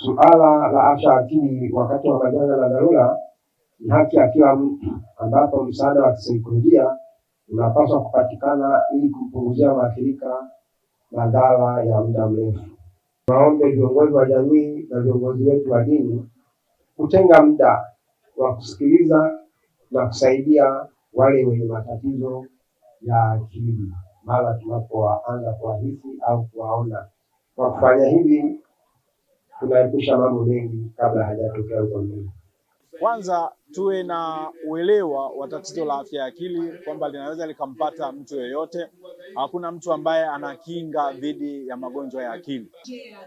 Suala la afya akili wakati wa majanga na dharura ni haki ya kila mtu, ambapo msaada wa kisaikolojia unapaswa kupatikana ili kupunguzia waathirika madhara ya muda mrefu. Waombe viongozi wa jamii na viongozi wetu wa dini kutenga muda wa kusikiliza na kusaidia wale wenye matatizo ya akili mara tunapowaanza kuwahisi au kuwaona. Kwa kufanya hivi tunaepusha mambo mengi kabla hajatokea mbele. Kwanza tuwe na uelewa wa tatizo la afya ya akili kwamba linaweza likampata mtu yeyote. Hakuna mtu ambaye ana kinga dhidi ya magonjwa ya akili.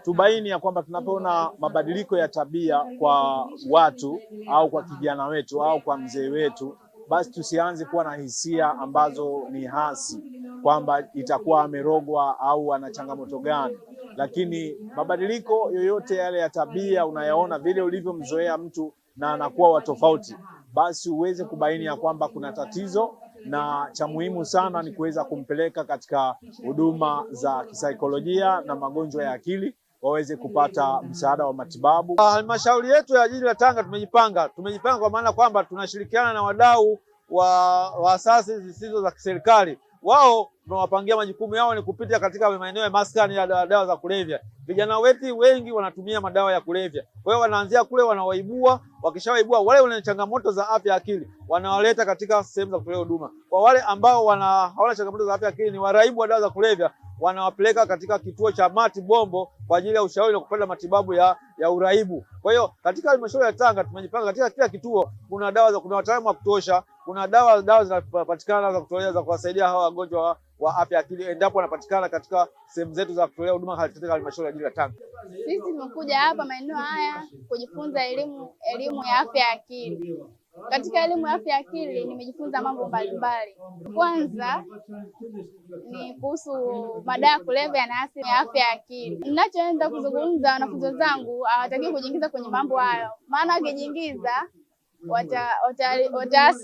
Tubaini ya kwamba tunapoona mabadiliko ya tabia kwa watu au kwa kijana wetu au kwa mzee wetu basi tusianze kuwa na hisia ambazo ni hasi kwamba itakuwa amerogwa au ana changamoto gani. Lakini mabadiliko yoyote yale ya tabia unayaona vile ulivyomzoea mtu na anakuwa wa tofauti, basi uweze kubaini ya kwamba kuna tatizo, na cha muhimu sana ni kuweza kumpeleka katika huduma za kisaikolojia na magonjwa ya akili waweze kupata msaada wa matibabu. Ah, halmashauri yetu ya jiji la Tanga tumejipanga, tumejipanga kwa maana kwamba tunashirikiana na wadau wa asasi zisizo za kiserikali wao tunawapangia majukumu yao ni kupita katika maeneo ya maskani ya dawa za kulevya. Vijana wetu wengi wanatumia madawa ya kulevya, kwa hiyo wanaanzia kule, wanawaibua. Wakishawaibua wale wenye changamoto za afya akili, wanawaleta katika sehemu za kutolea huduma. Kwa wale ambao wana hawana changamoto za afya akili, ni waraibu wa dawa za kulevya, wanawapeleka katika kituo cha Mati Bombo kwa ajili ya ushauri na kupata matibabu ya, ya uraibu. Kwa hiyo katika halmashauri ya Tanga tumejipanga katika kila kituo kuna dawa za, kuna wataalamu wa kutosha, kuna dawa dawa zinapatikana za kutolea za kuwasaidia hawa wagonjwa wa afya akili endapo wanapatikana katika sehemu zetu za kutolea huduma katika halmashauri ya jiji la Tanga. Sisi tumekuja hapa maeneo haya kujifunza elimu elimu ya afya ya akili. Katika elimu ya afya ya akili nimejifunza mambo mbalimbali. Kwanza ni kuhusu madawa ya kulevya yanaathiri afya ya akili. Ninachoenda kuzungumza, wanafunzi wenzangu hawatakiwi kujiingiza kwenye mambo hayo, maana wakijiingiza wataathiri wata